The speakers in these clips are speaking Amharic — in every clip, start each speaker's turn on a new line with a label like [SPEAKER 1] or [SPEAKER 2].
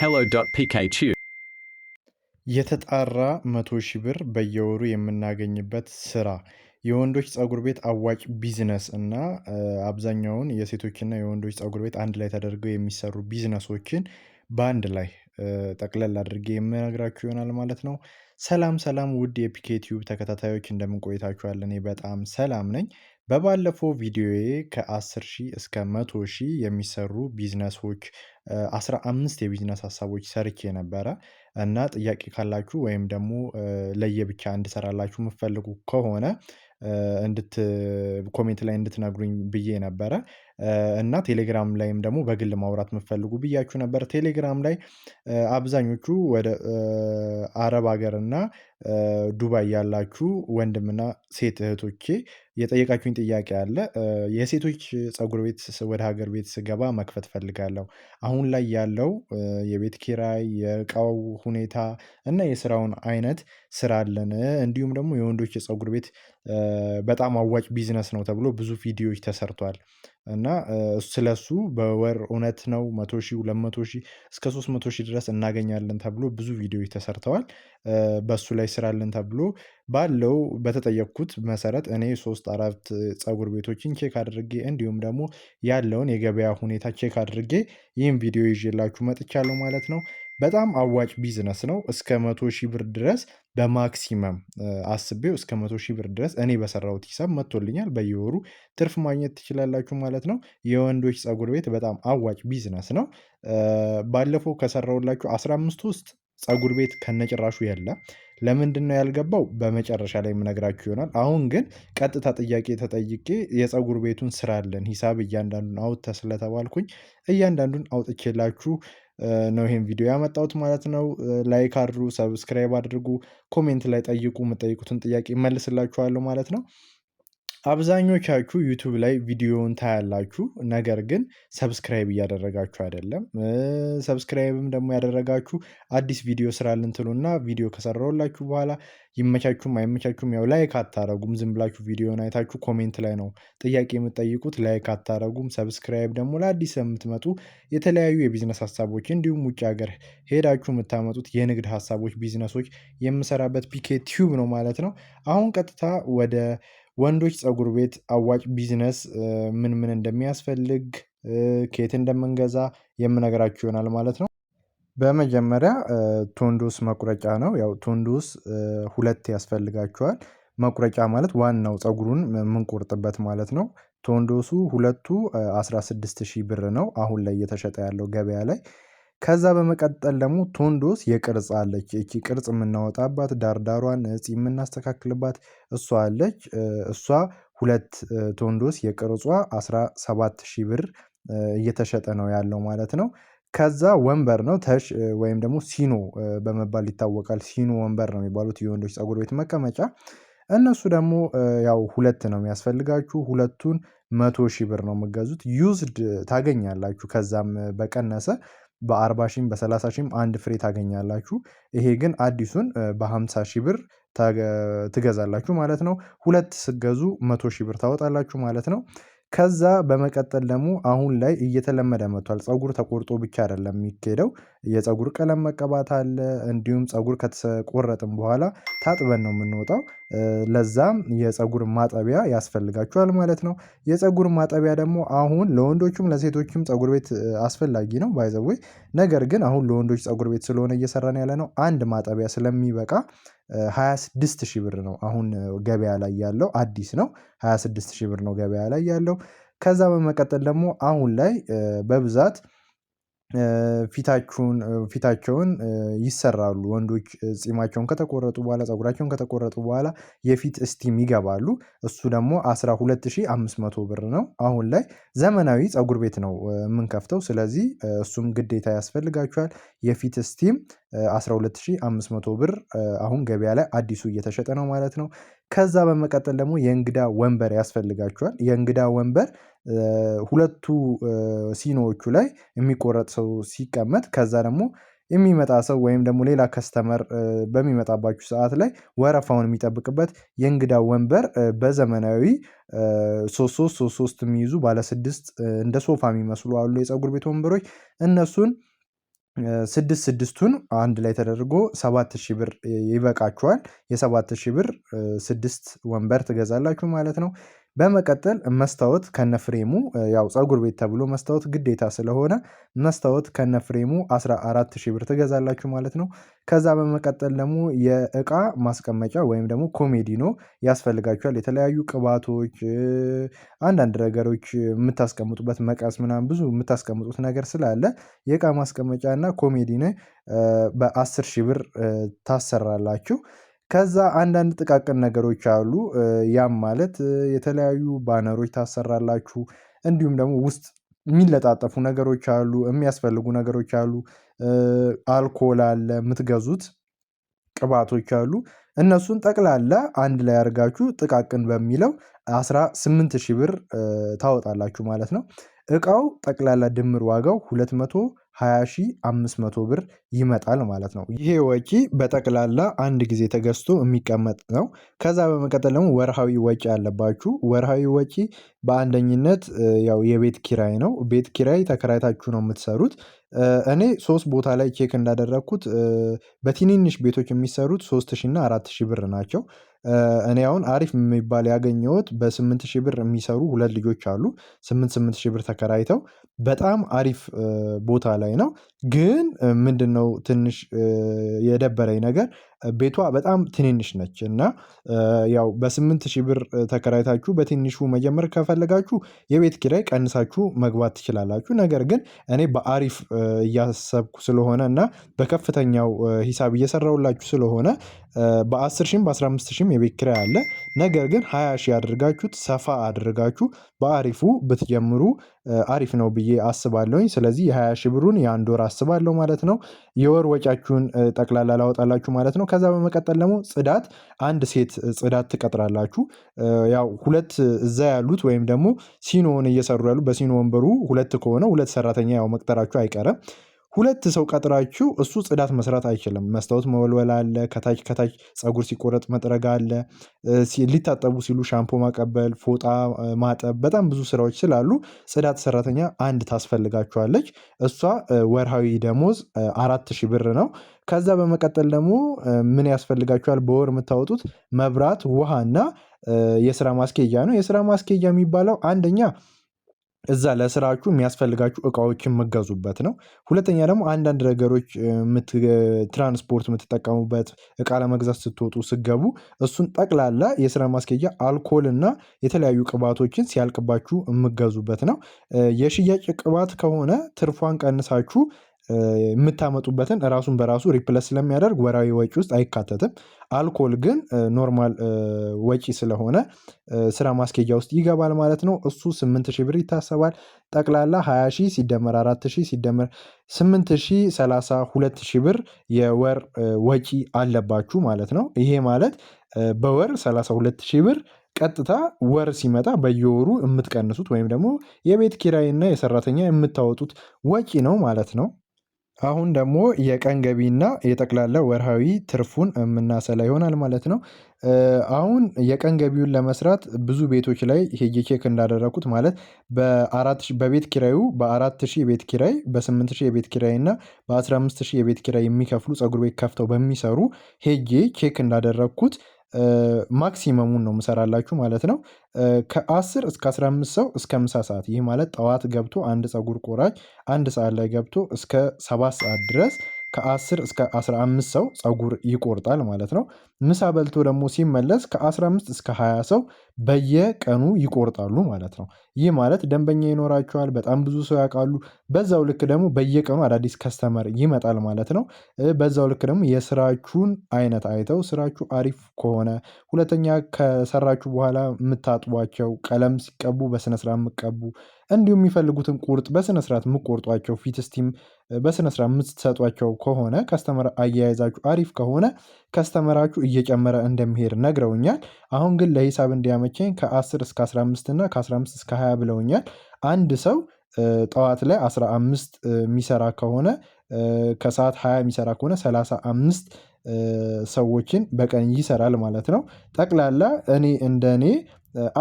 [SPEAKER 1] hello.pkq የተጣራ መቶ ሺህ ብር በየወሩ የምናገኝበት ስራ የወንዶች ፀጉር ቤት አዋጭ ቢዝነስ እና አብዛኛውን የሴቶችና የወንዶች ፀጉር ቤት አንድ ላይ ተደርገው የሚሰሩ ቢዝነሶችን በአንድ ላይ ጠቅለል አድርጌ የምነግራችሁ ይሆናል ማለት ነው። ሰላም ሰላም፣ ውድ የፒኬ ቲዩብ ተከታታዮች እንደምንቆይታችኋለን። በጣም ሰላም ነኝ። በባለፈው ቪዲዮዬ ከ10 ሺህ እስከ 100 ሺህ የሚሰሩ ቢዝነሶች 15 የቢዝነስ ሀሳቦች ሰርቼ ነበረ እና ጥያቄ ካላችሁ ወይም ደግሞ ለየብቻ እንድሰራላችሁ የምፈልጉ ከሆነ እንድት ኮሜንት ላይ እንድትነግሩኝ ብዬ ነበረ። እና ቴሌግራም ላይም ደግሞ በግል ማውራት የምትፈልጉ ብያችሁ ነበር። ቴሌግራም ላይ አብዛኞቹ ወደ አረብ ሀገር እና ዱባይ ያላችሁ ወንድምና ሴት እህቶቼ የጠየቃችሁኝ ጥያቄ አለ። የሴቶች ፀጉር ቤት ወደ ሀገር ቤት ስገባ መክፈት ፈልጋለሁ አሁን ላይ ያለው የቤት ኪራይ፣ የእቃው ሁኔታ እና የስራውን አይነት ስራ አለን እንዲሁም ደግሞ የወንዶች የፀጉር ቤት በጣም አዋጭ ቢዝነስ ነው ተብሎ ብዙ ቪዲዮዎች ተሰርቷል። እና ስለሱ በወር እውነት ነው መቶ ሺ ሁለት መቶ ሺህ እስከ ሶስት መቶ ሺ ድረስ እናገኛለን ተብሎ ብዙ ቪዲዮዎች ተሰርተዋል። በሱ ላይ ስራለን ተብሎ ባለው በተጠየቅኩት መሰረት እኔ ሶስት አራት ፀጉር ቤቶችን ቼክ አድርጌ እንዲሁም ደግሞ ያለውን የገበያ ሁኔታ ቼክ አድርጌ ይህም ቪዲዮ ይዤላችሁ መጥቻለሁ ማለት ነው። በጣም አዋጭ ቢዝነስ ነው። እስከ መቶ ሺህ ብር ድረስ በማክሲመም አስቤው እስከ መቶ ሺህ ብር ድረስ እኔ በሰራሁት ሂሳብ መጥቶልኛል። በየወሩ ትርፍ ማግኘት ትችላላችሁ ማለት ነው። የወንዶች ፀጉር ቤት በጣም አዋጭ ቢዝነስ ነው። ባለፈው ከሰራሁላችሁ አስራ አምስት ውስጥ ፀጉር ቤት ከነጭራሹ የለ። ለምንድን ነው ያልገባው? በመጨረሻ ላይ የምነግራችሁ ይሆናል። አሁን ግን ቀጥታ ጥያቄ ተጠይቄ የፀጉር ቤቱን ስራለን ሂሳብ እያንዳንዱን አውጥተህ ስለተባልኩኝ እያንዳንዱን አውጥቼላችሁ ነው ይህም ቪዲዮ ያመጣሁት ማለት ነው። ላይክ አድርጉ፣ ሰብስክራይብ አድርጉ፣ ኮሜንት ላይ ጠይቁ፣ የምጠይቁትን ጥያቄ እመልስላችኋለሁ ማለት ነው። አብዛኞቻችሁ ዩቱብ ላይ ቪዲዮውን ታያላችሁ፣ ነገር ግን ሰብስክራይብ እያደረጋችሁ አይደለም። ሰብስክራይብም ደግሞ ያደረጋችሁ አዲስ ቪዲዮ ስራ እና ቪዲዮ ከሰራውላችሁ በኋላ ይመቻችሁም አይመቻችሁም ያው ላይክ አታረጉም። ዝም ብላችሁ ቪዲዮን አይታችሁ ኮሜንት ላይ ነው ጥያቄ የምጠይቁት፣ ላይክ አታረጉም። ሰብስክራይብ ደግሞ ለአዲስ የምትመጡ የተለያዩ የቢዝነስ ሀሳቦች እንዲሁም ውጭ ሀገር ሄዳችሁ የምታመጡት የንግድ ሀሳቦች፣ ቢዝነሶች የምሰራበት ፒኬ ቲዩብ ነው ማለት ነው። አሁን ቀጥታ ወደ ወንዶች ፀጉር ቤት አዋጭ ቢዝነስ ምን ምን እንደሚያስፈልግ ከየት እንደምንገዛ የምነገራችሁ ይሆናል ማለት ነው። በመጀመሪያ ቶንዶስ መቁረጫ ነው። ያው ቶንዶስ ሁለት ያስፈልጋችኋል። መቁረጫ ማለት ዋናው ፀጉሩን የምንቆርጥበት ማለት ነው። ቶንዶሱ ሁለቱ 16 ሺህ ብር ነው አሁን ላይ እየተሸጠ ያለው ገበያ ላይ ከዛ በመቀጠል ደግሞ ቶንዶስ የቅርጽ አለች እቺ ቅርጽ የምናወጣባት ዳርዳሯን እጽ የምናስተካክልባት እሷ አለች እሷ ሁለት ቶንዶስ የቅርጿ ሺ ብር እየተሸጠ ነው ያለው ማለት ነው። ከዛ ወንበር ነው ተሽ ወይም ደግሞ ሲኖ በመባል ይታወቃል። ሲኖ ወንበር ነው የሚባሉት የወንዶች ፀጉር ቤት መቀመጫ። እነሱ ደግሞ ያው ሁለት ነው የሚያስፈልጋችሁ። ሁለቱን መቶ ሺ ብር ነው የምገዙት። ዩዝድ ታገኛላችሁ ከዛም በቀነሰ በአርባ ሺህም በሰላሳ ሺህም አንድ ፍሬ ታገኛላችሁ። ይሄ ግን አዲሱን በሀምሳ ሺህ ብር ትገዛላችሁ ማለት ነው። ሁለት ስገዙ መቶ ሺህ ብር ታወጣላችሁ ማለት ነው። ከዛ በመቀጠል ደግሞ አሁን ላይ እየተለመደ መጥቷል። ፀጉር ተቆርጦ ብቻ አይደለም የሚካሄደው የፀጉር ቀለም መቀባት አለ እንዲሁም ፀጉር ከተቆረጥን በኋላ ታጥበን ነው የምንወጣው። ለዛም የፀጉር ማጠቢያ ያስፈልጋችኋል ማለት ነው። የፀጉር ማጠቢያ ደግሞ አሁን ለወንዶችም ለሴቶችም ፀጉር ቤት አስፈላጊ ነው ባይ ነገር ግን አሁን ለወንዶች ፀጉር ቤት ስለሆነ እየሰራን ነው አንድ ማጠቢያ ስለሚበቃ 26 ሺህ ብር ነው አሁን ገበያ ላይ ያለው አዲስ ነው። 26 ሺህ ብር ነው ገበያ ላይ ያለው። ከዛ በመቀጠል ደግሞ አሁን ላይ በብዛት ፊታቸውን ፊታቸውን ይሰራሉ ወንዶች ጺማቸውን ከተቆረጡ በኋላ ፀጉራቸውን ከተቆረጡ በኋላ የፊት እስቲም ይገባሉ። እሱ ደግሞ 12500 ብር ነው። አሁን ላይ ዘመናዊ ፀጉር ቤት ነው የምንከፍተው። ስለዚህ እሱም ግዴታ ያስፈልጋቸዋል። የፊት እስቲም 12500 ብር አሁን ገበያ ላይ አዲሱ እየተሸጠ ነው ማለት ነው። ከዛ በመቀጠል ደግሞ የእንግዳ ወንበር ያስፈልጋቸዋል። የእንግዳ ወንበር ሁለቱ ሲኖዎቹ ላይ የሚቆረጥ ሰው ሲቀመጥ ከዛ ደግሞ የሚመጣ ሰው ወይም ደግሞ ሌላ ከስተመር በሚመጣባችሁ ሰዓት ላይ ወረፋውን የሚጠብቅበት የእንግዳ ወንበር በዘመናዊ ሶስት ሶስት ሶስት ሶስት የሚይዙ ባለስድስት እንደ ሶፋ የሚመስሉ አሉ የፀጉር ቤት ወንበሮች እነሱን ስድስት ስድስቱን አንድ ላይ ተደርጎ ሰባት ሺህ ብር ይበቃችኋል። የሰባት ሺህ ብር ስድስት ወንበር ትገዛላችሁ ማለት ነው። በመቀጠል መስታወት ከነፍሬሙ ያው ፀጉር ቤት ተብሎ መስታወት ግዴታ ስለሆነ መስታወት ከነፍሬሙ 14 ሺህ ብር ትገዛላችሁ ማለት ነው። ከዛ በመቀጠል ደግሞ የእቃ ማስቀመጫ ወይም ደግሞ ኮሜዲኖ ያስፈልጋችኋል። የተለያዩ ቅባቶች፣ አንዳንድ ነገሮች የምታስቀምጡበት መቀስ ምናምን ብዙ የምታስቀምጡት ነገር ስላለ የእቃ ማስቀመጫ እና ኮሜዲኖ በ10 ሺህ ብር ታሰራላችሁ። ከዛ አንዳንድ ጥቃቅን ነገሮች አሉ። ያም ማለት የተለያዩ ባነሮች ታሰራላችሁ እንዲሁም ደግሞ ውስጥ የሚለጣጠፉ ነገሮች አሉ የሚያስፈልጉ ነገሮች አሉ። አልኮል አለ የምትገዙት ቅባቶች አሉ እነሱን ጠቅላላ አንድ ላይ አድርጋችሁ ጥቃቅን በሚለው 18 ሺህ ብር ታወጣላችሁ ማለት ነው። እቃው ጠቅላላ ድምር ዋጋው ሁለት መቶ 20500 ብር ይመጣል ማለት ነው። ይሄ ወጪ በጠቅላላ አንድ ጊዜ ተገዝቶ የሚቀመጥ ነው። ከዛ በመቀጠል ደግሞ ወርሃዊ ወጪ ያለባችሁ ወርሃዊ ወጪ በአንደኝነት ያው የቤት ኪራይ ነው። ቤት ኪራይ ተከራይታችሁ ነው የምትሰሩት። እኔ ሶስት ቦታ ላይ ቼክ እንዳደረግኩት በትንንሽ ቤቶች የሚሰሩት ሶስት ሺህ እና አራት ብር ናቸው። እኔ አሁን አሪፍ የሚባል ያገኘሁት በስምንት ሺህ ብር የሚሰሩ ሁለት ልጆች አሉ ስምንት ስምንት ሺህ ብር ተከራይተው በጣም አሪፍ ቦታ ላይ ነው። ግን ምንድነው ትንሽ የደበረኝ ነገር ቤቷ በጣም ትንንሽ ነች እና ያው በስምንት ሺህ ብር ተከራይታችሁ በትንሹ መጀመር ከፈለጋችሁ የቤት ኪራይ ቀንሳችሁ መግባት ትችላላችሁ። ነገር ግን እኔ በአሪፍ እያሰብኩ ስለሆነ እና በከፍተኛው ሂሳብ እየሰራውላችሁ ስለሆነ በአስር ሺህም በአስራ አምስት ሺህም የቤት ኪራይ አለ። ነገር ግን ሃያ ሺህ አድርጋችሁት ሰፋ አድርጋችሁ በአሪፉ ብትጀምሩ አሪፍ ነው ብዬ አስባለሁኝ። ስለዚህ የሀያ ሺህ ብሩን የአንድ ወር አስባለሁ ማለት ነው። የወር ወጫችሁን ጠቅላላ ላወጣላችሁ ማለት ነው። ከዛ በመቀጠል ደግሞ ጽዳት፣ አንድ ሴት ጽዳት ትቀጥራላችሁ። ያው ሁለት እዛ ያሉት ወይም ደግሞ ሲኖን እየሰሩ ያሉ በሲኖ ወንበሩ ሁለት ከሆነ ሁለት ሰራተኛ ያው መቅጠራችሁ አይቀርም። ሁለት ሰው ቀጥራችሁ እሱ ጽዳት መስራት አይችልም። መስታወት መወልወል አለ፣ ከታች ከታች ፀጉር ሲቆረጥ መጥረግ አለ፣ ሊታጠቡ ሲሉ ሻምፖ ማቀበል፣ ፎጣ ማጠብ፣ በጣም ብዙ ስራዎች ስላሉ ጽዳት ሰራተኛ አንድ ታስፈልጋችኋለች። እሷ ወርሃዊ ደሞዝ አራት ሺህ ብር ነው። ከዛ በመቀጠል ደግሞ ምን ያስፈልጋችኋል? በወር የምታወጡት መብራት፣ ውሃና የስራ ማስኬጃ ነው። የስራ ማስኬጃ የሚባለው አንደኛ እዛ ለስራችሁ የሚያስፈልጋችሁ እቃዎች የምገዙበት ነው። ሁለተኛ ደግሞ አንዳንድ ነገሮች ትራንስፖርት የምትጠቀሙበት እቃ ለመግዛት ስትወጡ ስገቡ፣ እሱን ጠቅላላ የስራ ማስኬጃ አልኮል እና የተለያዩ ቅባቶችን ሲያልቅባችሁ የምገዙበት ነው። የሽያጭ ቅባት ከሆነ ትርፏን ቀንሳችሁ የምታመጡበትን ራሱን በራሱ ሪፕለስ ስለሚያደርግ ወራዊ ወጪ ውስጥ አይካተትም። አልኮል ግን ኖርማል ወጪ ስለሆነ ስራ ማስኬጃ ውስጥ ይገባል ማለት ነው። እሱ 8000 ብር ይታሰባል። ጠቅላላ 20000 ሲደመር 4000 ሲደመር 8000 32000 ብር የወር ወጪ አለባችሁ ማለት ነው። ይሄ ማለት በወር 32000 ብር ቀጥታ ወር ሲመጣ በየወሩ የምትቀንሱት ወይም ደግሞ የቤት ኪራይና የሰራተኛ የምታወጡት ወጪ ነው ማለት ነው። አሁን ደግሞ የቀን ገቢና የጠቅላላ ወርሃዊ ትርፉን የምናሰላ ይሆናል ማለት ነው። አሁን የቀን ገቢውን ለመስራት ብዙ ቤቶች ላይ ሄጄ ቼክ እንዳደረኩት ማለት በቤት ኪራዩ በአራት ሺህ የቤት ኪራይ በስምንት ሺህ የቤት ኪራይ እና በአስራ አምስት ሺህ የቤት ኪራይ የሚከፍሉ ፀጉር ቤት ከፍተው በሚሰሩ ሄጄ ቼክ እንዳደረኩት ማክሲመሙን ነው የምሰራላችሁ ማለት ነው። ከአስር እስከ አስራ አምስት ሰው እስከ ምሳ ሰዓት ይህ ማለት ጠዋት ገብቶ አንድ ፀጉር ቆራጭ አንድ ሰዓት ላይ ገብቶ እስከ ሰባት ሰዓት ድረስ ከአስር እስከ አስራ አምስት ሰው ፀጉር ይቆርጣል ማለት ነው። ምሳ በልቶ ደግሞ ሲመለስ ከአስራ አምስት እስከ ሃያ ሰው በየቀኑ ይቆርጣሉ ማለት ነው። ይህ ማለት ደንበኛ ይኖራቸዋል በጣም ብዙ ሰው ያውቃሉ በዛው ልክ ደግሞ በየቀኑ አዳዲስ ከስተመር ይመጣል ማለት ነው። በዛው ልክ ደግሞ የስራችሁን አይነት አይተው ስራችሁ አሪፍ ከሆነ ሁለተኛ ከሰራችሁ በኋላ የምታጥቧቸው ቀለም ሲቀቡ በስነ የምቀቡ እንዲሁም የሚፈልጉትን ቁርጥ በስነ የምቆርጧቸው ፊት ስቲም የምትሰጧቸው ከሆነ ከስተመር አያይዛችሁ አሪፍ ከሆነ ከስተመራችሁ እየጨመረ እንደሚሄድ ነግረውኛል። አሁን ግን ለሂሳብ እንዲያመ ሲያመቸኝ ከ10 እስከ 15 እና ከ15 እስከ 20 ብለውኛል። አንድ ሰው ጠዋት ላይ 15 የሚሰራ ከሆነ ከሰዓት 20 የሚሰራ ከሆነ 35 ሰዎችን በቀን ይሰራል ማለት ነው። ጠቅላላ እኔ እንደ እኔ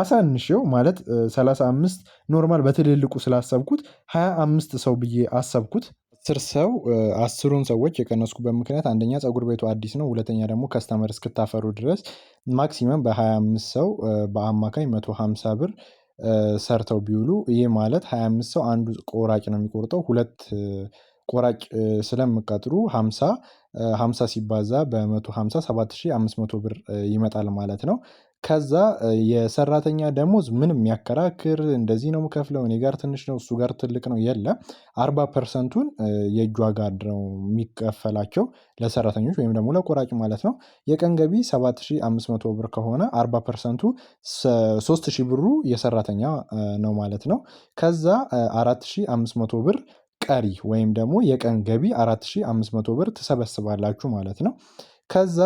[SPEAKER 1] አሳንሽው ማለት 35 ኖርማል በትልልቁ ስላሰብኩት 25 ሰው ብዬ አሰብኩት አስር ሰው አስሩን ሰዎች የቀነስኩበት ምክንያት አንደኛ ፀጉር ቤቱ አዲስ ነው፣ ሁለተኛ ደግሞ ከስተመር እስክታፈሩ ድረስ ማክሲመም በ25 ሰው በአማካኝ 150 ብር ሰርተው ቢውሉ ይህ ማለት 25 ሰው አንዱ ቆራጭ ነው የሚቆርጠው። ሁለት ቆራጭ ስለምቀጥሩ 50 50 ሲባዛ በ150 7500 ብር ይመጣል ማለት ነው። ከዛ የሰራተኛ ደሞዝ ምን የሚያከራክር እንደዚህ ነው የምከፍለው እኔ ጋር ትንሽ ነው እሱ ጋር ትልቅ ነው የለ አርባ ፐርሰንቱን የእጅ ዋጋ ነው የሚከፈላቸው ለሰራተኞች ወይም ደግሞ ለቆራጭ ማለት ነው። የቀን ገቢ ሰባት ሺህ አምስት መቶ ብር ከሆነ አርባ ፐርሰንቱ ሶስት ሺህ ብሩ የሰራተኛ ነው ማለት ነው። ከዛ አራት ሺህ አምስት መቶ ብር ቀሪ ወይም ደግሞ የቀን ገቢ አራት ሺህ አምስት መቶ ብር ትሰበስባላችሁ ማለት ነው። ከዛ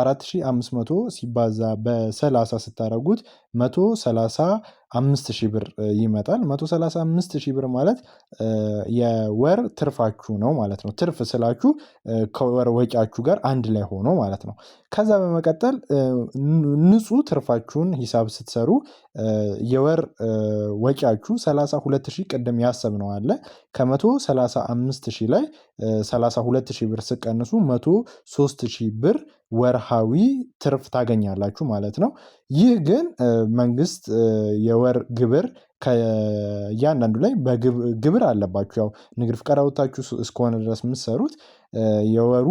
[SPEAKER 1] 4500 ሲባዛ በ30 ሲባዛ በሰላሳ ስታደርጉት 135 ሺህ ብር ይመጣል። 135 ሺህ ብር ማለት የወር ትርፋችሁ ነው ማለት ነው። ትርፍ ስላችሁ ከወር ወጪያችሁ ጋር አንድ ላይ ሆኖ ማለት ነው። ከዛ በመቀጠል ንጹህ ትርፋችሁን ሂሳብ ስትሰሩ የወር ወጪያችሁ 32 ሺህ ቅድም ነው አለ ከ135 ሺህ ላይ 32 ሺህ ብር ስቀንሱ 103 ሺህ ብር ወርሃዊ ትርፍ ታገኛላችሁ ማለት ነው። ይህ ግን መንግስት የወር ግብር ከእያንዳንዱ ላይ ግብር አለባችሁ። ያው ንግድ ፍቃድ አውጥታችሁ እስከሆነ ድረስ የምትሰሩት የወሩ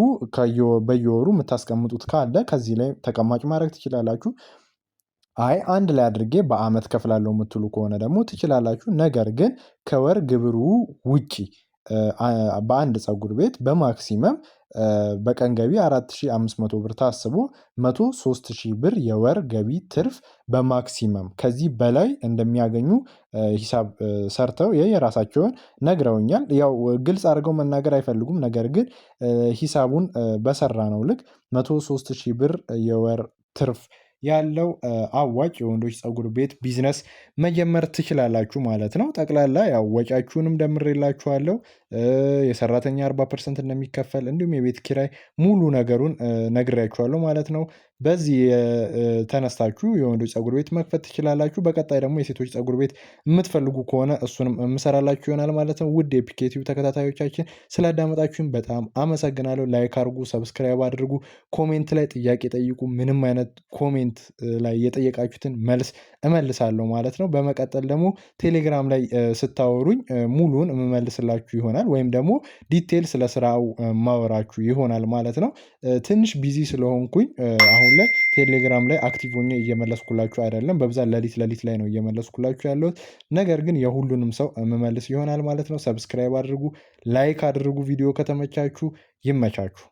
[SPEAKER 1] በየወሩ የምታስቀምጡት ካለ ከዚህ ላይ ተቀማጭ ማድረግ ትችላላችሁ። አይ አንድ ላይ አድርጌ በአመት ከፍላለው የምትሉ ከሆነ ደግሞ ትችላላችሁ። ነገር ግን ከወር ግብሩ ውጪ በአንድ ፀጉር ቤት በማክሲመም በቀን ገቢ 4500 ብር ታስቦ 103000 ብር የወር ገቢ ትርፍ በማክሲመም ከዚህ በላይ እንደሚያገኙ ሂሳብ ሰርተው የየራሳቸውን ነግረውኛል። ያው ግልጽ አድርገው መናገር አይፈልጉም። ነገር ግን ሂሳቡን በሰራ ነው ልክ 103000 ብር የወር ትርፍ ያለው አዋጭ የወንዶች ፀጉር ቤት ቢዝነስ መጀመር ትችላላችሁ ማለት ነው። ጠቅላላ ያው ወጪያችሁንም ደምሬላችኋለሁ የሰራተኛ 40 ፐርሰንት እንደሚከፈል እንዲሁም የቤት ኪራይ ሙሉ ነገሩን ነግሬያችኋለሁ ማለት ነው። በዚህ ተነስታችሁ የወንዶች ፀጉር ቤት መክፈት ትችላላችሁ። በቀጣይ ደግሞ የሴቶች ፀጉር ቤት የምትፈልጉ ከሆነ እሱንም የምሰራላችሁ ይሆናል ማለት ነው። ውድ የፒኬቲዩ ተከታታዮቻችን ስላዳመጣችሁኝ በጣም አመሰግናለሁ። ላይክ አድርጉ፣ ሰብስክራይብ አድርጉ፣ ኮሜንት ላይ ጥያቄ ጠይቁ። ምንም አይነት ኮሜንት ኮሜንት ላይ የጠየቃችሁትን መልስ እመልሳለሁ ማለት ነው። በመቀጠል ደግሞ ቴሌግራም ላይ ስታወሩኝ ሙሉን የምመልስላችሁ ይሆናል ወይም ደግሞ ዲቴል ስለ ስራው ማወራችሁ ይሆናል ማለት ነው። ትንሽ ቢዚ ስለሆንኩኝ አሁን ላይ ቴሌግራም ላይ አክቲቭ ሆኜ እየመለስኩላችሁ አይደለም። በብዛት ለሊት ለሊት ላይ ነው እየመለስኩላችሁ ያለሁት። ነገር ግን የሁሉንም ሰው የምመልስ ይሆናል ማለት ነው። ሰብስክራይብ አድርጉ፣ ላይክ አድርጉ። ቪዲዮ ከተመቻችሁ ይመቻችሁ።